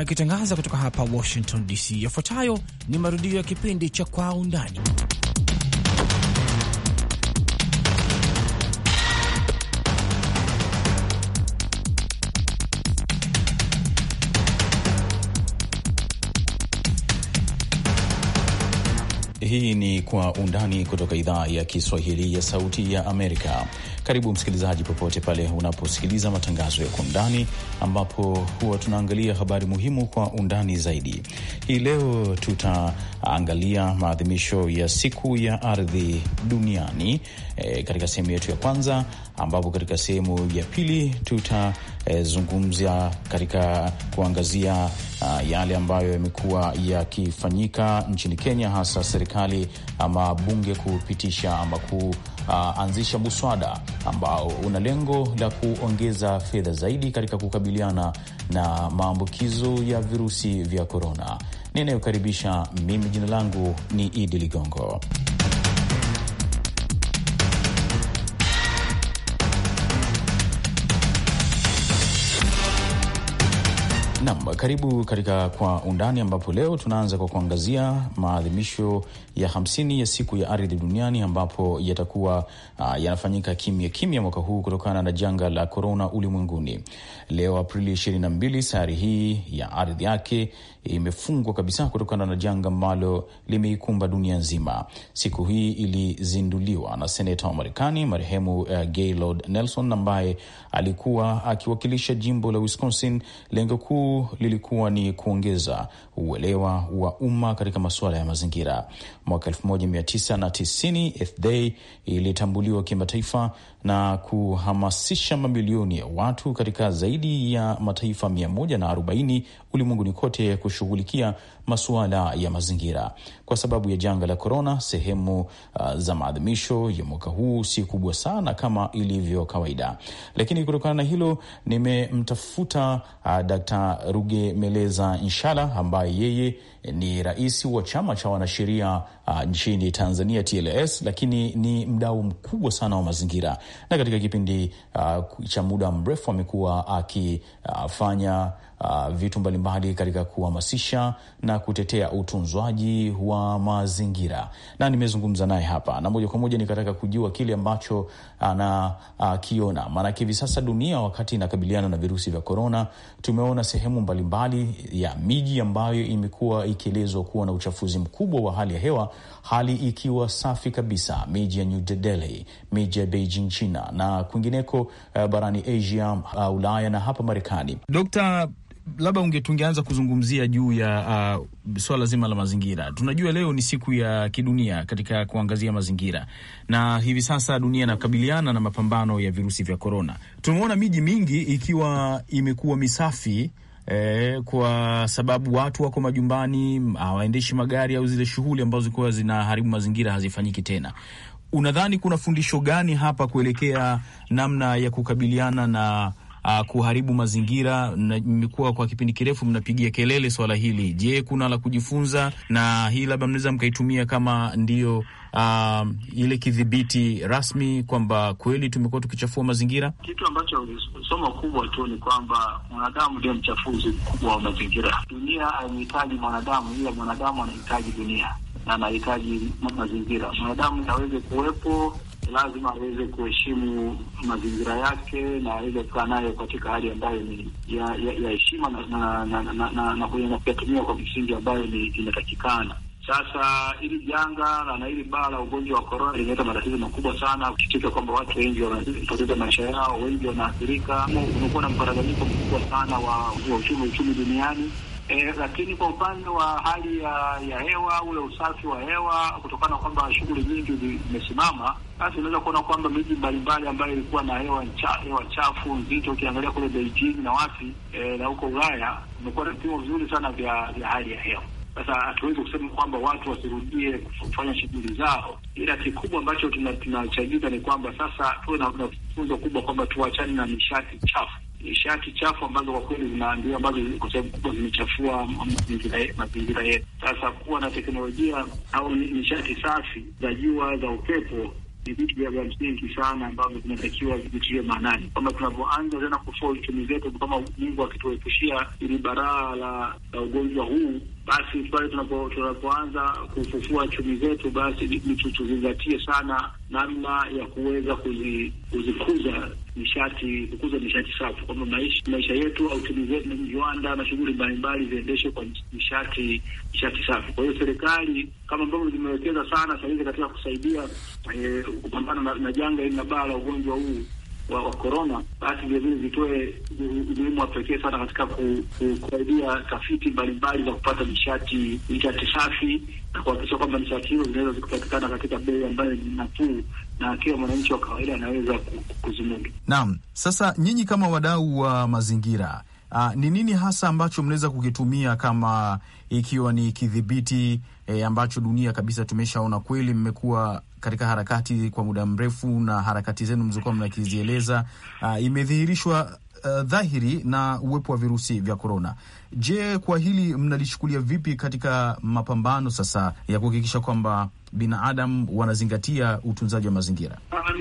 Akitangaza kutoka hapa Washington DC, yafuatayo ni marudio ya kipindi cha Kwa Undani. Hii ni Kwa Undani kutoka idhaa ya Kiswahili ya Sauti ya Amerika. Karibu msikilizaji, popote pale unaposikiliza matangazo ya Kwa Undani, ambapo huwa tunaangalia habari muhimu kwa undani zaidi. Hii leo tutaangalia maadhimisho ya siku ya ardhi duniani e, katika sehemu yetu ya kwanza, ambapo katika sehemu ya pili tutazungumzia e, katika kuangazia a, yale ambayo yamekuwa yakifanyika nchini Kenya, hasa serikali ama bunge kupitisha ama ku uh, anzisha muswada ambao una lengo la kuongeza fedha zaidi katika kukabiliana na maambukizo ya virusi vya korona. Ninayokaribisha mimi, jina langu ni Idi Ligongo. Nam, karibu katika Kwa Undani, ambapo leo tunaanza kwa kuangazia maadhimisho ya hamsini ya siku ya ardhi duniani ambapo yatakuwa uh, yanafanyika kimya kimya mwaka huu kutokana na janga la korona ulimwenguni. Leo Aprili 22, sayari hii ya ardhi yake imefungwa kabisa kutokana na janga ambalo limeikumba dunia nzima. Siku hii ilizinduliwa na seneta wa Marekani marehemu uh, Gaylord Nelson ambaye alikuwa akiwakilisha jimbo la Wisconsin. Lengo kuu lilikuwa ni kuongeza uelewa wa umma katika masuala ya mazingira. Mwaka 1990 Earth Day ilitambuliwa kimataifa na kuhamasisha mamilioni ya watu katika zaidi zaidi ya mataifa 140 ulimwenguni kote kushughulikia masuala ya mazingira. Kwa sababu ya janga la korona, sehemu uh, za maadhimisho ya mwaka huu si kubwa sana kama ilivyo kawaida, lakini kutokana na hilo nimemtafuta uh, Dkt. meleza Nshala ambaye yeye ni rais wa chama cha wanasheria uh, nchini Tanzania TLS, lakini ni mdau mkubwa sana wa mazingira, na katika kipindi uh, cha muda mrefu amekuwa akifanya uh, uh, vitu mbalimbali katika kuhamasisha na kutetea utunzwaji wa mazingira, na nimezungumza naye hapa na moja kwa moja nikataka kujua kile ambacho anakiona, uh, maanake hivi sasa dunia wakati inakabiliana na virusi vya korona, tumeona sehemu mbalimbali mbali ya miji ambayo imekuwa ikielezwa kuwa na uchafuzi mkubwa wa hali ya hewa, hali ikiwa safi kabisa, miji ya New Delhi, miji ya Beijing, China na kwingineko, uh, barani Asia, uh, Ulaya na hapa Marekani Dokta labda unge tungeanza kuzungumzia juu ya uh, swala zima la mazingira. Tunajua leo ni siku ya kidunia katika kuangazia mazingira, na hivi sasa dunia inakabiliana na mapambano ya virusi vya korona. Tumeona miji mingi ikiwa imekuwa misafi eh, kwa sababu watu wako majumbani, hawaendeshi magari au zile shughuli ambazo zilikuwa zinaharibu mazingira hazifanyiki tena. Unadhani kuna fundisho gani hapa kuelekea namna ya kukabiliana na uh, kuharibu mazingira, na kwa kipindi kirefu mnapigia kelele swala hili. Je, kuna la kujifunza na hii labda mnaweza mkaitumia kama ndio Uh, ile kidhibiti rasmi kwamba kweli tumekuwa tukichafua mazingira. Kitu ambacho somo kubwa tu ni kwamba mwanadamu ndio mchafuzi mkubwa wa mazingira. Dunia haihitaji mwanadamu, ila mwanadamu anahitaji dunia na anahitaji mazingira. Mwanadamu aweze kuwepo lazima aweze kuheshimu mazingira yake na aweze kukaa nayo katika hali ambayo ni ya heshima na kuyatumia kwa misingi ambayo ni inatakikana. Sasa hili janga na hili baa la ugonjwa wa korona limeleta matatizo makubwa sana, ukitika kwamba watu wengi wanapoteza maisha yao, wengi wanaathirika. Kumekuwa na mparaganyiko mkubwa sana wa uchumi uchumi duniani. E, lakini kwa upande wa hali ya, ya hewa ule usafi wa hewa kutokana na kwamba shughuli nyingi zimesimama basi unaweza kuona kwamba miji mbalimbali ambayo ilikuwa na hewa hewa chafu nzito, ukiangalia kule Beijing na wapi e, na huko Ulaya umekuwa na vipimo vizuri sana vya vya hali ya hewa. Sasa hatuwezi kusema kwamba watu wasirudie kufanya shughuli zao, ila kikubwa ambacho tunachagiza ni kwamba sasa tuwe na funzo kubwa kwamba tuachane na nishati chafu, nishati chafu ambazo kwa kweli zinaambiwa ambazo kwa sababu kubwa zimechafua mazingira yetu. Sasa kuwa na teknolojia au nishati safi za jua, za upepo ni vitu vya msingi sana ambavyo vinatakiwa vitiliwe maanani, kwamba tunavyoanza tena kufua uchumi zetu, kama Mungu akituepushia ili baraa la ugonjwa huu basi pale tunapoanza kufufua chumi zetu, basi tuzingatie sana namna ya kuweza kuzi, kuzikuza nishati, kukuza nishati safi, kwamba maisha, maisha yetu au chumi zetu na viwanda na shughuli mbalimbali ziendeshwe kwa nishati nishati safi. Kwa hiyo serikali kama ambavyo zimewekeza sana sahizi katika kusaidia eh, kupambana na, na janga hili na baa la ugonjwa huu wa korona, basi vilevile zitoe umuhimu wa pekee sana katika kusaidia tafiti mbalimbali za kupata nishati nishati safi na kuhakikisha kwamba nishati hizo zinaweza zikupatikana katika bei ambayo ni nafuu na kila mwananchi wa kawaida anaweza kuzimudu. Naam, sasa nyinyi kama wadau wa mazingira ah, ni nini hasa ambacho mnaweza kukitumia kama ikiwa ni kidhibiti eh, ambacho dunia kabisa tumeshaona kweli mmekuwa katika harakati kwa muda mrefu na harakati zenu mlizokuwa mnakizieleza, uh, imedhihirishwa uh, dhahiri na uwepo wa virusi vya korona. Je, kwa hili mnalichukulia vipi katika mapambano sasa ya kuhakikisha kwamba binadamu wanazingatia utunzaji wa mazingira. Ah,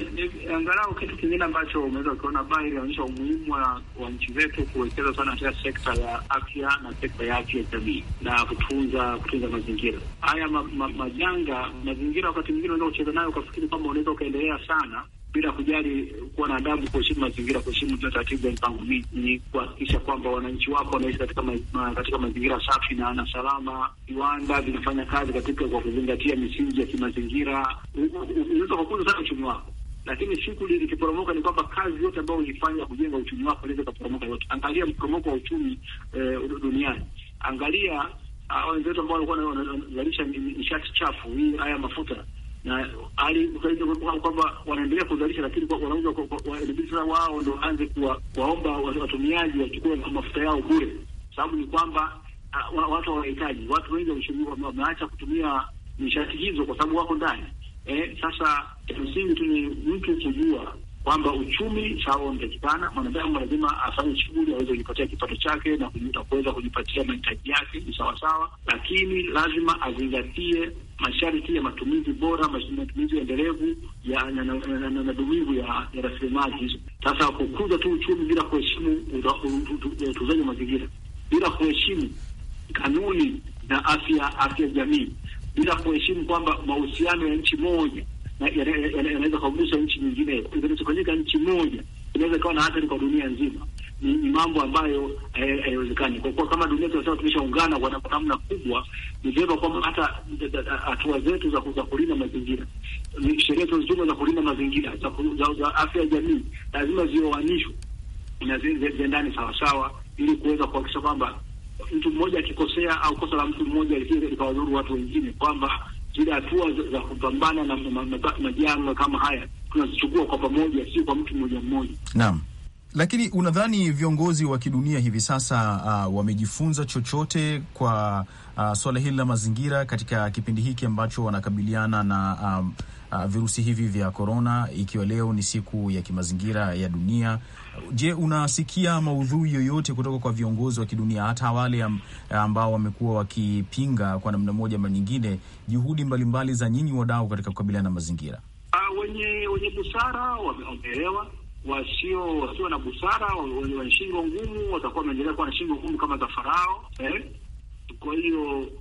angalau kitu kingine ambacho umeweza ukiona ba inaonyesha umuhimu wa nchi zetu kuwekeza sana katika sekta ya afya na sekta ya afya jamii na kutunza kutunza mazingira haya ma, ma, majanga mazingira, wakati mwingine unaweza kucheza nayo ukafikiri kwamba unaweza ukaendelea sana bila kujali kuwa na adabu, kuheshimu mazingira, kuheshimu taratibu ya mipango miji, kuhakikisha kwamba wananchi wako wanaishi katika ma, katika mazingira safi na na salama. Viwanda vinafanya kazi katika kwa kuzingatia misingi ya kimazingira, unaweza kukuza sana uchumi wako lakini siku likiporomoka ni kwamba kazi yote ambayo ulifanya kujenga uchumi wako inaweza ikaporomoka yote. Angalia mporomoko wa uchumi eh, duniani. Angalia ah, wenzetu ambao walikuwa wanazalisha nishati chafu hii, haya mafuta na hali kwamba wanaendelea kuzalisha, lakini wanauza sasa, wao ndo waanze kuwaomba watumiaji wachukue mafuta yao bure. Sababu ni kwamba ah, watu hawahitaji, watu wengi wameacha kutumia nishati hizo kwa sababu wako ndani. Eh, sasa msingi tu ni mtu kujua kwamba uchumi sawa unatakikana, mwanadamu lazima afanye shughuli aweze kujipatia kipato chake na kuweza kujipatia mahitaji yake, ni sawasawa, lakini lazima azingatie masharti ya matumizi bora, matumizi endelevu na dumivu ya rasilimali hizo. Sasa kukuza tu uchumi bila kuheshimu utunzaji wa mazingira, bila kuheshimu kanuni na afya afya jamii, bila kuheshimu kwamba mahusiano ya nchi moja yanaweza kugusa nchi nyingine, inaweza nchi moja, inaweza ikawa na athari kwa dunia nzima ni mambo ambayo eh, haiwezekani. Kwa kuwa kama dunia tunasema tumeshaungana kwa namna kubwa, ni vyema kwamba hata eh, hatua zetu za kulinda mazingira, sheria tunazozituma za kulinda mazingira, za afya ya jamii, lazima zioanishwe na ziendane sawasawa, ili kuweza kuhakikisha kwamba mtu mmoja akikosea au kosa la mtu mmoja likawadhuru watu wengine, kwamba zile hatua za kupambana na majanga kama haya tunazichukua kwa pamoja, sio kwa mtu mmoja mmoja. Naam. Lakini unadhani viongozi wa kidunia hivi sasa uh, wamejifunza chochote kwa uh, suala hili la mazingira katika kipindi hiki ambacho wanakabiliana na um, uh, virusi hivi vya korona, ikiwa leo ni siku ya kimazingira ya dunia? Je, unasikia maudhui yoyote kutoka kwa viongozi wa kidunia, hata wale ambao wamekuwa wakipinga kwa namna moja ama nyingine juhudi mbalimbali za nyinyi wadau katika kukabiliana na mazingira? Uh, wenye wenye busara wameelewa wasio wasio na busara, wenye shingo ngumu, watakuwa wameendelea kuwa na shingo ngumu kama za Farao eh? Kwa hiyo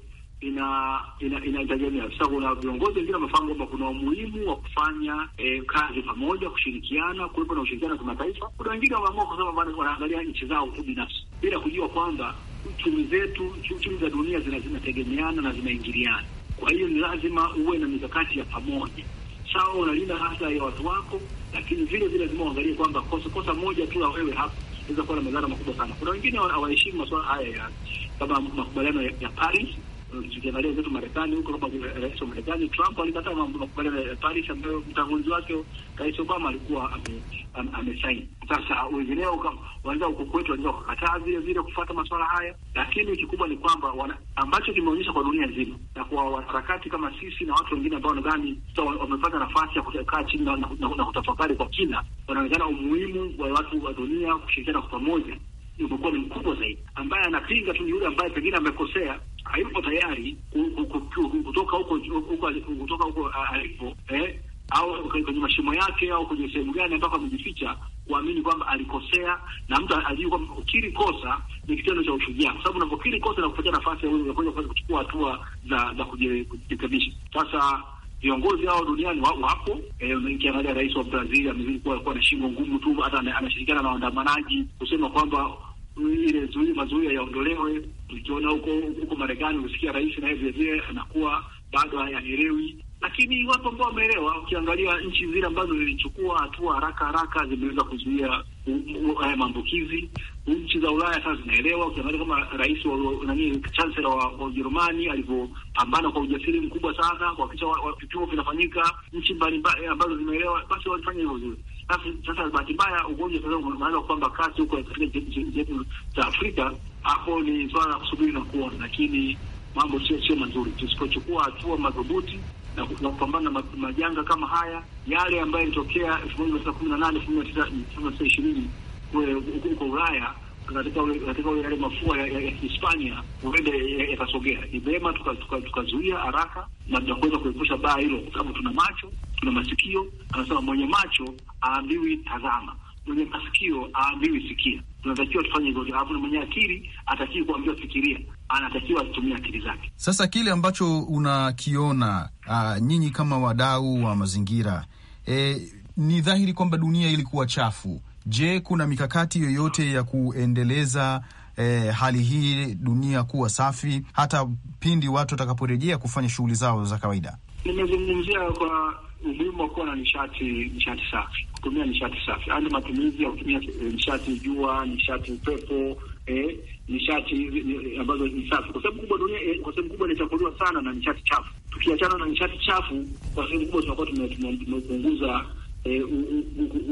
ina inategemea ina, sasa kuna viongozi wengine wamefahamu kwamba kuna umuhimu wa kufanya eh, kazi pamoja, kushirikiana, kuwepo na ushirikiano wa kimataifa. Kuna wengine wameamua kwa sababu wanaangalia nchi zao tu binafsi bila kujua kwamba uchumi zetu, uchumi za dunia zinategemeana na zinaingiliana. Kwa hiyo ni lazima uwe na mikakati ya pamoja. Sawa, unalinda hasa ya watu wako lakini vile vile lazima uangalie kwamba kosa kosa moja tu la wewe hapa inaweza kuwa na madhara makubwa sana. Kuna wengine hawaheshimu masuala haya ya kama makubaliano ya Paris tukiangalia zetu Marekani huko, kama rais wa Marekani Trump alikataa makubaliano ya Paris ambayo mtangulizi wake rais Obama alikuwa amesaini. Sasa wengineo wanaweza huko kwetu wanaweza kukataa vile vile kufuata masuala haya, lakini kikubwa ni kwamba ambacho kimeonyesha kwa dunia nzima na kwa wanaharakati kama sisi na watu wengine ambao nadhani wamepata nafasi ya kukaa chini na kutafakari kwa kina, wanaonekana umuhimu wa watu wa dunia kushirikiana kwa pamoja umekuwa ni mkubwa zaidi. Ambaye anapinga tu ni yule ambaye pengine amekosea hayuko tayari kutoka huko kutoka huko alipo eh, au kwenye mashimo yake au kwenye sehemu gani ambako amejificha, kuamini kwamba alikosea, na mtu aliyo kwamba ukiri kosa ni kitendo cha ushujaa, kwa sababu unapokiri kosa na kupata nafasi ya wewe kwanza kuchukua hatua za za kujirekebisha. Sasa viongozi hao duniani wapo. Eh, Nikiangalia rais wa Brazil amezidi kuwa na shingo ngumu tu, hata anashirikiana na waandamanaji kusema kwamba ile zuio mazuio yaondolewe. Tukiona huko huko Marekani, usikia rais naye vilevile anakuwa bado hayaelewi, lakini watu ambao wameelewa. Ukiangalia nchi zile ambazo zilichukua hatua haraka haraka zimeweza kuzuia haya maambukizi. Nchi za Ulaya sasa zinaelewa. Ukiangalia kama rais nani, chancellor wa Ujerumani alivyopambana kwa ujasiri mkubwa sana kuhakikisha vipimo vinafanyika, nchi mbalimbali eh, ambazo zimeelewa, basi walifanya hivyo vizuri. Sasa bahati mbaya ugonjwa sasa unaanza kupamba kasi huko katika nchi zetu za Afrika. Hapo ni swala la kusubiri na kuona, lakini mambo sio sio mazuri. Tusipochukua hatua madhubuti na kupambana na majanga kama haya yale ambayo yalitokea elfu moja mia tisa kumi na nane elfu moja mia tisa ishirini huko Ulaya katika yale mafua ya Hispania huenda yakasogea. Ni vyema tukazuia haraka na tunakuweza kuepusha baa hilo, kwa sababu tuna macho, tuna masikio. Anasema mwenye macho aambiwi tazama mwenye masikio aambiwi sikia, tunatakiwa tufanye hivyo, alafu na mwenye akili atakiwi kuambiwa fikiria, anatakiwa atumie akili zake. Sasa kile ambacho unakiona ah, nyinyi kama wadau wa mazingira e, ni dhahiri kwamba dunia ilikuwa chafu. Je, kuna mikakati yoyote ya kuendeleza E, hali hii dunia kuwa safi hata pindi watu watakaporejea kufanya shughuli zao za kawaida. Nimezungumzia kwa umuhimu wa kuwa na nishati nishati safi, kutumia nishati safi, ani matumizi ya kutumia eh, nishati jua, nishati upepo, eh, nishati hizi ambazo ni safi, kwa sababu kubwa dunia, eh, kwa sehemu kubwa inachafuliwa sana na nishati chafu. Tukiachana na nishati chafu, kwa sehemu kubwa tunakuwa tumepunguza eh,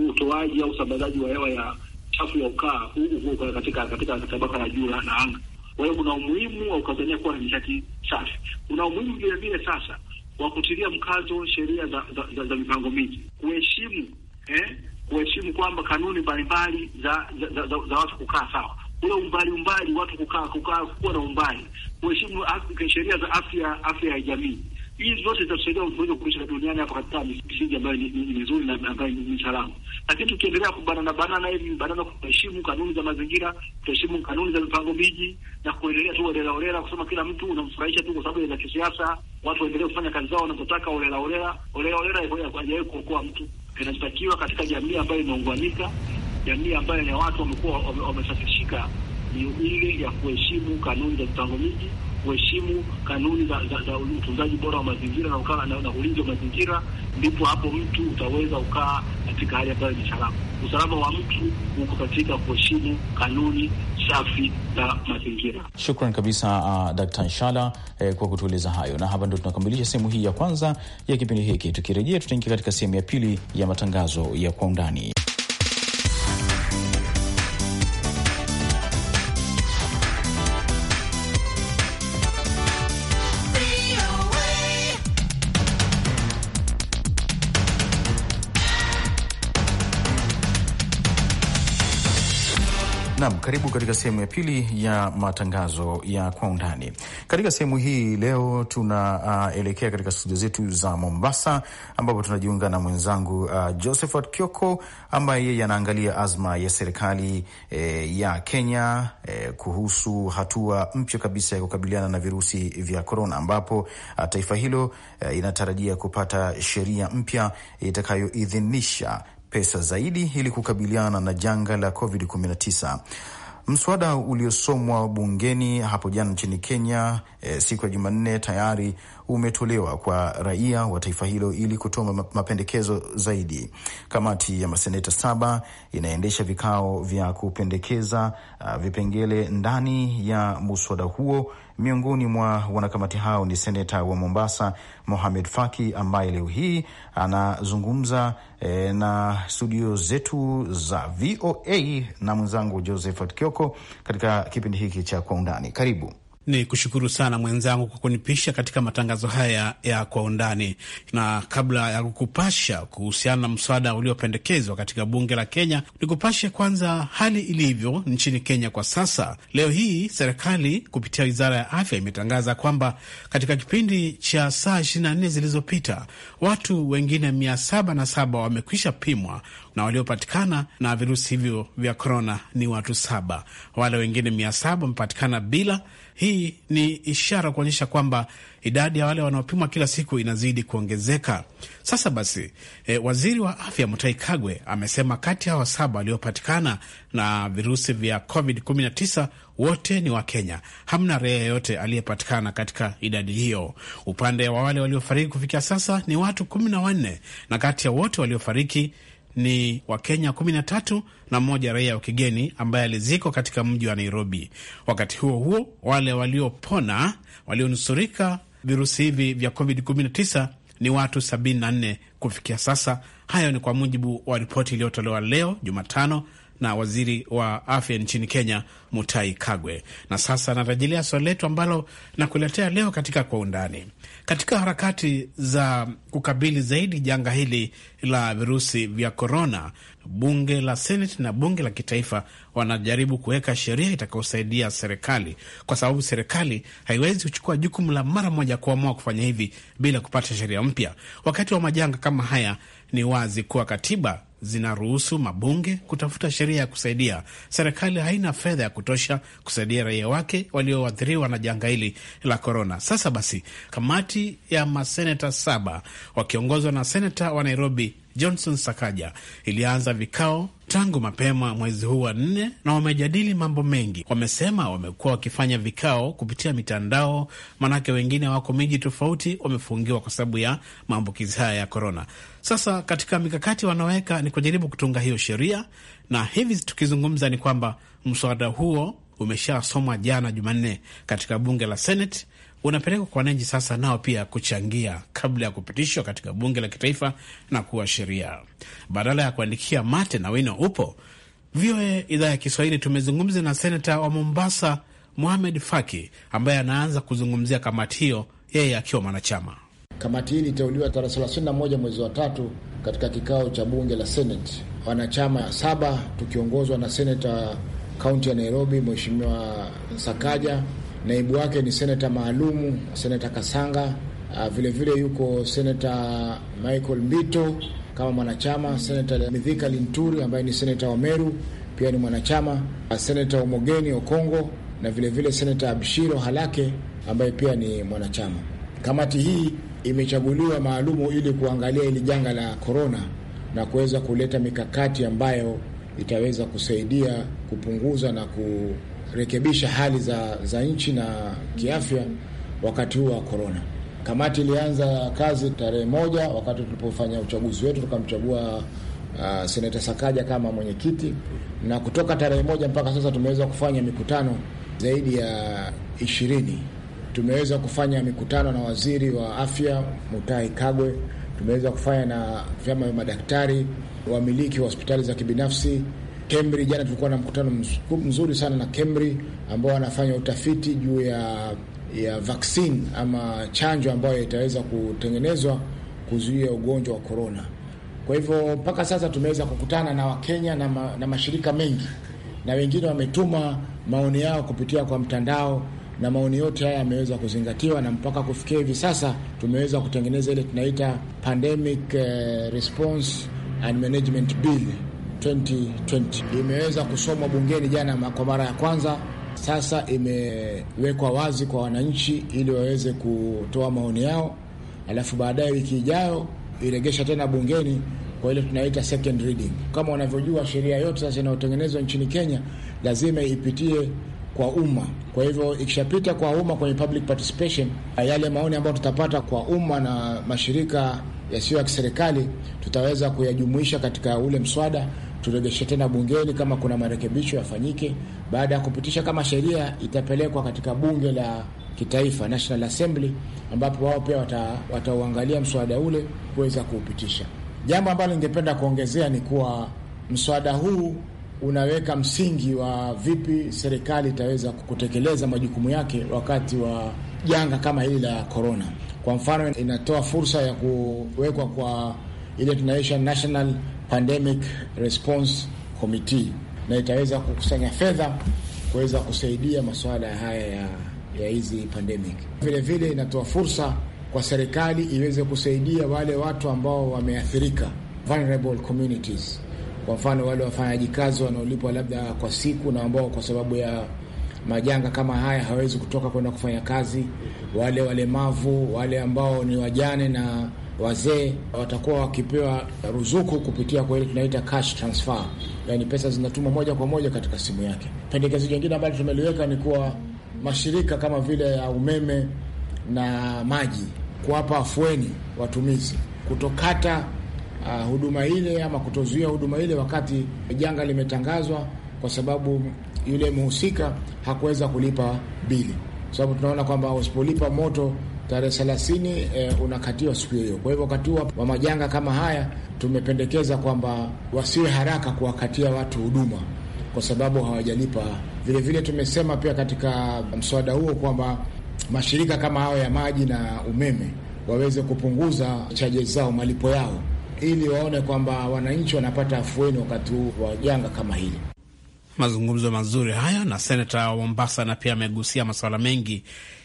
utoaji au usambazaji wa hewa ya chafu ya ukaa katika katika tabaka la juu na anga. Kwa hiyo kuna umuhimu wa Tanzania kuwa na nishati safi, kuna umuhimu vile vile sasa wa kutilia mkazo sheria za, za, za, za mipango miji, kuheshimu eh, kuheshimu kwamba kanuni mbalimbali za za, za, za za watu kukaa sawa, ule umbali umbali watu kukaa kukaa kuwa na umbali, kuheshimu sheria za afya afya ya jamii hizi zote zitatusaidia kuweza kuishi duniani hapa katika misingi ambayo ni mizuri na ambayo ni salama. Lakini tukiendelea kubanana banana hivi banana, kuheshimu kanuni za mazingira, kuheshimu kanuni za mipango miji na kuendelea tu olela olela, kusema kila mtu unamfurahisha tu kwa sababu ya kisiasa, watu waendelee kufanya kazi zao wanapotaka olela olela olela olela, hajawahi kuokoa mtu. Inatakiwa katika jamii ambayo imeunganika, jamii ambayo ya watu wamekuwa wamesafishika, ni ile ya kuheshimu kanuni za mipango miji kuheshimu kanuni za, za, za utunzaji bora wa mazingira na, ukawa na, na ulinzi wa mazingira, ndipo hapo mtu utaweza ukaa katika hali ambayo ni salama. Usalama wa mtu uko katika kuheshimu kanuni safi za mazingira. Shukran kabisa uh, Dkt. Nshala eh, kwa kutueleza hayo, na hapa ndo tunakamilisha sehemu hii ya kwanza ya kipindi hiki. Tukirejea tutaingia katika sehemu ya pili ya matangazo ya kwa undani. Nam, karibu katika sehemu ya pili ya matangazo ya kwa undani. Katika sehemu hii leo tunaelekea uh, katika studio zetu za Mombasa, ambapo tunajiunga na mwenzangu uh, Josephat Kioko ambaye yeye anaangalia azma ya serikali eh, ya Kenya eh, kuhusu hatua mpya kabisa ya kukabiliana na virusi vya korona, ambapo uh, taifa hilo uh, inatarajia kupata sheria mpya itakayoidhinisha pesa zaidi ili kukabiliana na janga la COVID-19. Mswada uliosomwa bungeni hapo jana nchini Kenya e, siku ya Jumanne tayari umetolewa kwa raia wa taifa hilo ili kutoa mapendekezo zaidi. Kamati ya maseneta saba inaendesha vikao vya kupendekeza uh, vipengele ndani ya muswada huo. Miongoni mwa wanakamati hao ni seneta wa Mombasa Mohamed Faki ambaye leo hii anazungumza e, na studio zetu za VOA na mwenzangu Josephat Kioko katika kipindi hiki cha Kwa Undani. Karibu. Ni kushukuru sana mwenzangu kwa kunipisha katika matangazo haya ya kwa undani. Na kabla ya kukupasha kuhusiana na mswada uliopendekezwa katika bunge la Kenya, nikupashe kwanza hali ilivyo nchini Kenya kwa sasa. Leo hii serikali kupitia wizara ya afya imetangaza kwamba katika kipindi cha saa 24 zilizopita watu wengine saba wamekwisha pimwa na waliopatikana na virusi hivyo vya korona ni watu saba. Wale wengine saba wamepatikana bila hii ni ishara kuonyesha kwamba idadi ya wale wanaopimwa kila siku inazidi kuongezeka. Sasa basi, e, waziri wa afya Mutahi Kagwe amesema kati ya wasaba waliopatikana na virusi vya COVID-19 wote ni wa Kenya. Hamna raia yeyote aliyepatikana katika idadi hiyo. Upande wa wale waliofariki kufikia sasa ni watu kumi na wanne na kati ya wote waliofariki ni Wakenya 13 na mmoja raia wa kigeni ambaye alizikwa katika mji wa Nairobi. Wakati huo huo, wale waliopona walionusurika virusi hivi vya COVID-19 ni watu 74 kufikia sasa. Hayo ni kwa mujibu wa ripoti iliyotolewa leo Jumatano na waziri wa afya nchini Kenya, Mutai Kagwe. Na sasa narejelea swali letu ambalo nakuletea leo katika Kwa Undani. Katika harakati za kukabili zaidi janga hili la virusi vya korona, bunge la Seneti na bunge la kitaifa wanajaribu kuweka sheria itakayosaidia serikali, kwa sababu serikali haiwezi kuchukua jukumu la mara moja kuamua kufanya hivi bila kupata sheria mpya. Wakati wa majanga kama haya, ni wazi kuwa katiba zinaruhusu mabunge kutafuta sheria ya kusaidia serikali. Haina fedha ya kutosha kusaidia raia wake walioathiriwa na janga hili la korona. Sasa basi, kamati ya maseneta saba wakiongozwa na seneta wa Nairobi Johnson Sakaja ilianza vikao tangu mapema mwezi huu wa nne, na wamejadili mambo mengi. Wamesema wamekuwa wakifanya vikao kupitia mitandao, maanake wengine wako miji tofauti, wamefungiwa kwa sababu ya maambukizi haya ya korona. Sasa katika mikakati wanaoweka ni kujaribu kutunga hiyo sheria, na hivi tukizungumza ni kwamba mswada huo umeshasomwa jana Jumanne katika bunge la Senate, unapelekwa kwa wananchi sasa nao pia kuchangia kabla ya kupitishwa katika bunge la kitaifa na kuwa sheria, badala ya kuandikia mate na wino upo. VOA idhaa ya Kiswahili tumezungumza na senata wa Mombasa Mohamed Faki ambaye anaanza kuzungumzia kamati hiyo, yeye akiwa mwanachama Kamati hii iliteuliwa tarehe 31 mwezi wa tatu katika kikao cha bunge la Senate, wanachama saba tukiongozwa na seneta kaunti ya Nairobi, Mheshimiwa Sakaja, naibu wake ni seneta maalumu seneta Kasanga, vilevile ah, vile yuko seneta Michael Mbito kama mwanachama, seneta Mithika Linturi ambaye ni seneta wa Meru pia ni mwanachama, ah, seneta Omogeni Okongo na vilevile vile seneta Abshiro Halake ambaye pia ni mwanachama. Kamati hii imechaguliwa maalumu ili kuangalia hili janga la korona na kuweza kuleta mikakati ambayo itaweza kusaidia kupunguza na kurekebisha hali za, za nchi na kiafya wakati huu wa korona. Kamati ilianza kazi tarehe moja wakati tulipofanya uchaguzi wetu tukamchagua uh, seneta Sakaja kama mwenyekiti, na kutoka tarehe moja mpaka sasa tumeweza kufanya mikutano zaidi ya ishirini Tumeweza kufanya mikutano na waziri wa afya Mutahi Kagwe, tumeweza kufanya na vyama vya madaktari, wamiliki wa hospitali za kibinafsi KEMRI. Jana tulikuwa na mkutano mzuri sana na KEMRI ambao wanafanya utafiti juu ya ya vaksini ama chanjo ambayo itaweza kutengenezwa kuzuia ugonjwa wa korona. Kwa hivyo mpaka sasa tumeweza kukutana na Wakenya na, ma, na mashirika mengi na wengine wametuma maoni yao kupitia kwa mtandao na maoni yote haya yameweza kuzingatiwa, na mpaka kufikia hivi sasa tumeweza kutengeneza ile tunaita pandemic eh, response and management bill 2020 imeweza kusomwa bungeni jana kwa mara ya kwanza. Sasa imewekwa wazi kwa wananchi ili waweze kutoa maoni yao, alafu baadaye wiki ijayo iregesha tena bungeni kwa ile tunaita second reading. Kama unavyojua sheria yote sasa inayotengenezwa nchini Kenya lazima ipitie kwa umma. Kwa hivyo ikishapita kwa umma kwenye public participation, eh, yale maoni ambayo tutapata kwa umma na mashirika yasiyo ya kiserikali tutaweza kuyajumuisha katika ule mswada, turegeshe tena bungeni kama kuna marekebisho yafanyike. Baada ya kupitisha kama sheria, itapelekwa katika bunge la kitaifa, National Assembly, ambapo wao pia watauangalia wata mswada ule kuweza kuupitisha. Jambo ambalo ningependa kuongezea ni kuwa mswada huu unaweka msingi wa vipi serikali itaweza kutekeleza majukumu yake wakati wa janga kama hili la korona. Kwa mfano, inatoa fursa ya kuwekwa kwa ile tunaisha National Pandemic Response Committee, na itaweza kukusanya fedha kuweza kusaidia masuala haya ya ya hizi pandemic. Vile vile inatoa fursa kwa serikali iweze kusaidia wale watu ambao wameathirika, vulnerable communities kwa mfano wale wafanyaji kazi wanaolipwa labda kwa siku na ambao kwa sababu ya majanga kama haya hawezi kutoka kwenda kufanya kazi, wale walemavu, wale ambao ni wajane na wazee watakuwa wakipewa ruzuku kupitia kwa ile tunaita cash transfer, yani pesa zinatumwa moja kwa moja katika simu yake. Pendekezo jingine ambalo tumeliweka ni kuwa mashirika kama vile ya umeme na maji kuwapa afueni watumizi, kutokata uh, huduma ile ama kutozuia huduma ile wakati janga limetangazwa, kwa sababu yule mhusika hakuweza kulipa bili, kwa sababu tunaona kwamba usipolipa moto tarehe 30 eh, unakatiwa siku hiyo. Kwa hivyo wakati wa majanga kama haya tumependekeza kwamba wasiwe haraka kuwakatia watu huduma kwa sababu hawajalipa. Vilevile tumesema pia katika mswada huo kwamba mashirika kama hayo ya maji na umeme waweze kupunguza chaje zao, malipo yao ili waone kwamba wananchi wanapata afueni wakati huu wa janga kama hili. Mazungumzo mazuri haya na senata wa Mombasa, na pia amegusia masuala mengi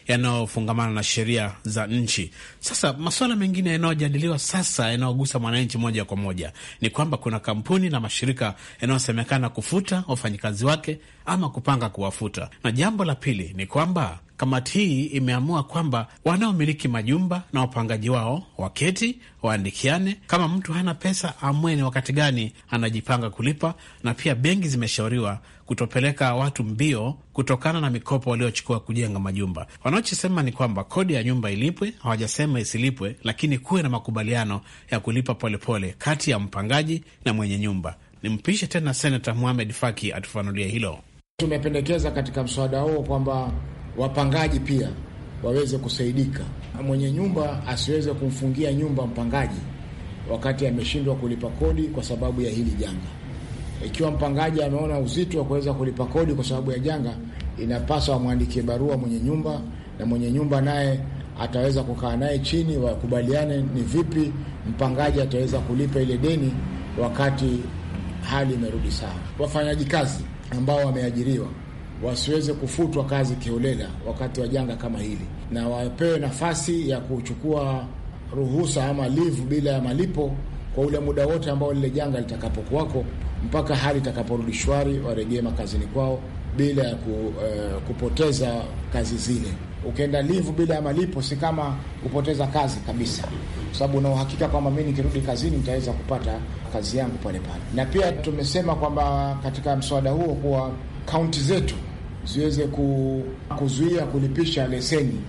yanayofungamana na sheria za nchi. Sasa masuala mengine yanayojadiliwa sasa yanayogusa mwananchi moja kwa moja ni kwamba kuna kampuni na mashirika yanayosemekana kufuta wafanyikazi wake ama kupanga kuwafuta, na jambo la pili ni kwamba Kamati hii imeamua kwamba wanaomiliki majumba na wapangaji wao waketi waandikiane, kama mtu hana pesa amwe ni wakati gani anajipanga kulipa, na pia benki zimeshauriwa kutopeleka watu mbio kutokana na mikopo waliochukua kujenga majumba. Wanachosema ni kwamba kodi ya nyumba ilipwe, hawajasema isilipwe, lakini kuwe na makubaliano ya kulipa polepole pole, kati ya mpangaji na mwenye nyumba. Nimpishe tena Senata Muhamed Faki atufanulie hilo. Tumependekeza katika mswada huo kwamba wapangaji pia waweze kusaidika, mwenye nyumba asiweze kumfungia nyumba mpangaji wakati ameshindwa kulipa kodi kwa sababu ya hili janga. Ikiwa mpangaji ameona uzito wa kuweza kulipa kodi kwa sababu ya janga, inapaswa amwandikie barua mwenye nyumba, na mwenye nyumba naye ataweza kukaa naye chini, wakubaliane ni vipi mpangaji ataweza kulipa ile deni wakati hali imerudi sawa. Wafanyaji kazi ambao wameajiriwa wasiweze kufutwa kazi kiholela wakati wa janga kama hili, na wapewe nafasi ya kuchukua ruhusa ama livu bila ya malipo kwa ule muda wote ambao lile janga litakapokuwako mpaka hali itakaporudi shwari, warejee makazini kwao bila ya ku, uh, kupoteza kazi zile. Ukienda livu bila ya malipo si kama kupoteza kazi kabisa, kwa sababu una uhakika kwamba mi nikirudi kazini nitaweza kupata kazi yangu pale pale. Na pia tumesema kwamba katika mswada huo kuwa kaunti zetu ziweze kuzuia kulipisha leseni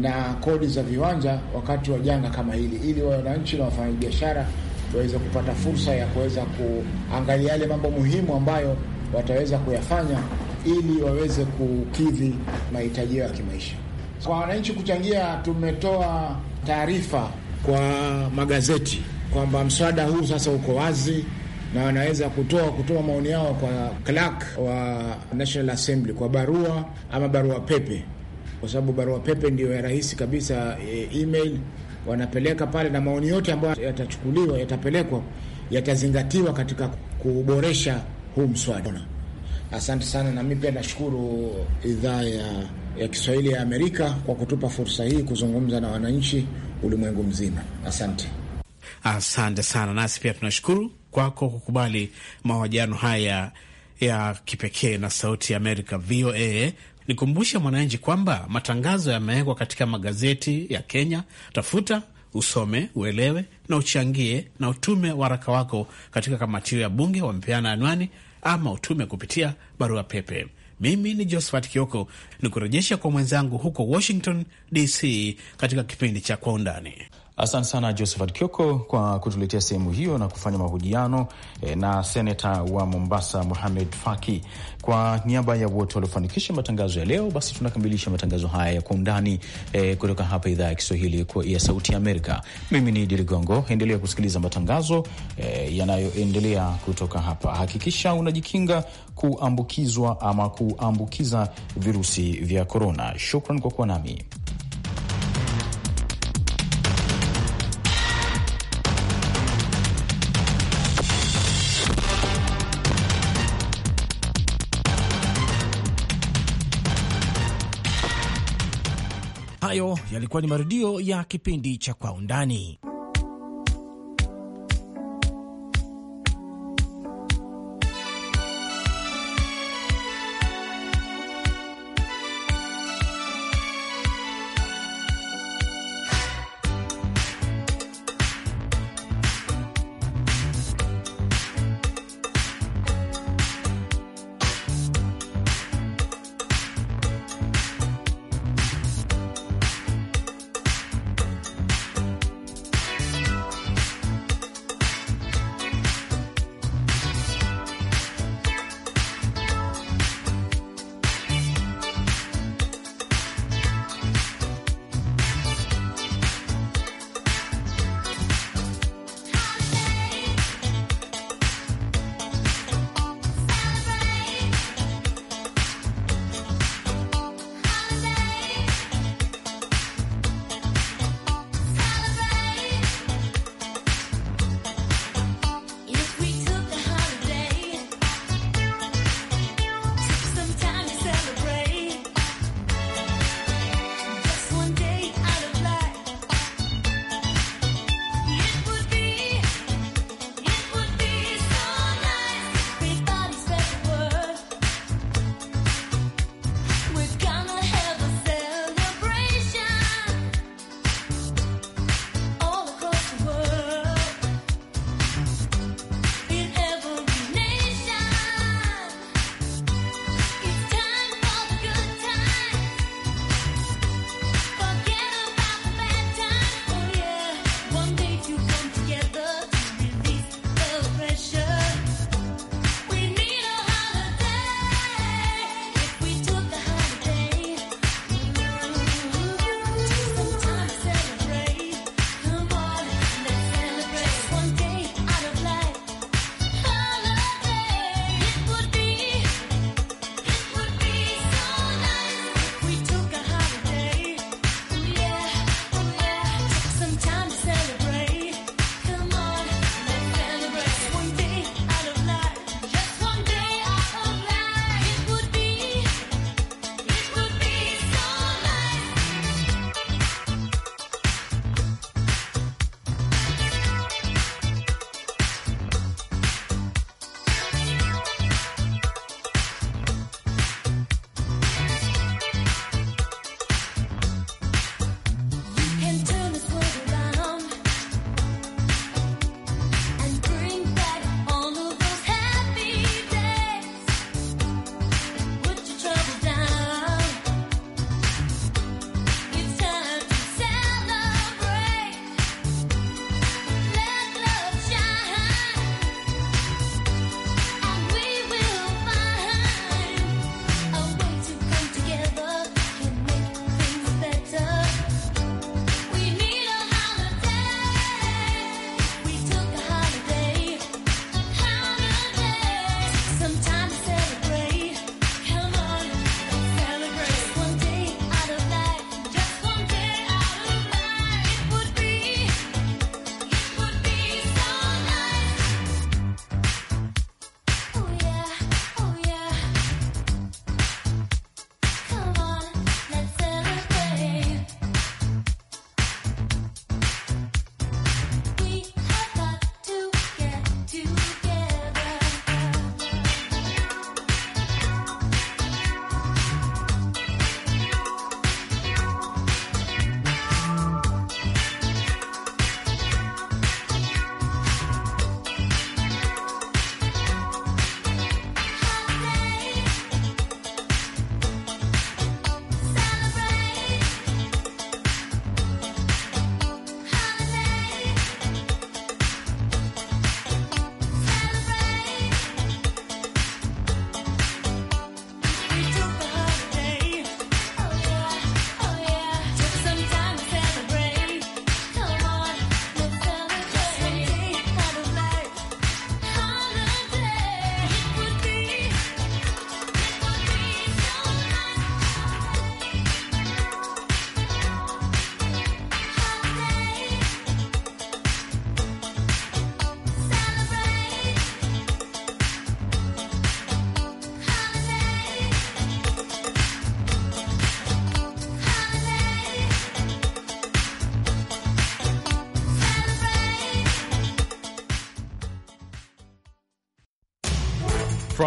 na kodi za viwanja wakati wa janga kama hili, ili wananchi na wafanyabiashara waweze kupata fursa ya kuweza kuangalia yale mambo muhimu ambayo wataweza kuyafanya ili waweze kukidhi mahitaji yao ya kimaisha. Kwa wananchi kuchangia, tumetoa taarifa kwa magazeti kwamba mswada huu sasa uko wazi na wanaweza kutoa kutoa maoni yao kwa clerk wa National Assembly kwa barua ama barua pepe, kwa sababu barua pepe ndio ya rahisi kabisa. E, email wanapeleka pale, na maoni yote ambayo yatachukuliwa yatapelekwa yatazingatiwa katika kuboresha huu mswada. Asante sana, na mimi pia nashukuru idhaa ya, ya Kiswahili ya Amerika kwa kutupa fursa hii kuzungumza na wananchi ulimwengu mzima. Asante, asante sana, nasi pia tunashukuru kwako kukubali mahojiano haya ya kipekee na Sauti ya Amerika VOA. Nikumbushe mwananchi kwamba matangazo yamewekwa katika magazeti ya Kenya. Tafuta usome, uelewe na uchangie, na utume waraka wako katika kamati hiyo ya bunge. Wamepeana anwani, ama utume kupitia barua pepe. Mimi ni Josephat Kioko, ni kurejesha kwa mwenzangu huko Washington DC katika kipindi cha Kwa Undani. Asante sana Josephat Kioko kwa kutuletea sehemu hiyo na kufanya mahojiano eh, na seneta wa Mombasa muhamed Faki. Kwa niaba ya wote waliofanikisha matangazo ya leo, basi tunakamilisha matangazo haya ya kwa undani eh, kutoka hapa idhaa ya Kiswahili ya Sauti Amerika. Mimi ni Idi Ligongo. Endelea kusikiliza matangazo eh, yanayoendelea kutoka hapa. Hakikisha unajikinga kuambukizwa ama kuambukiza virusi vya korona. Shukran kwa kuwa nami. yalikuwa ni marudio ya kipindi cha Kwa Undani.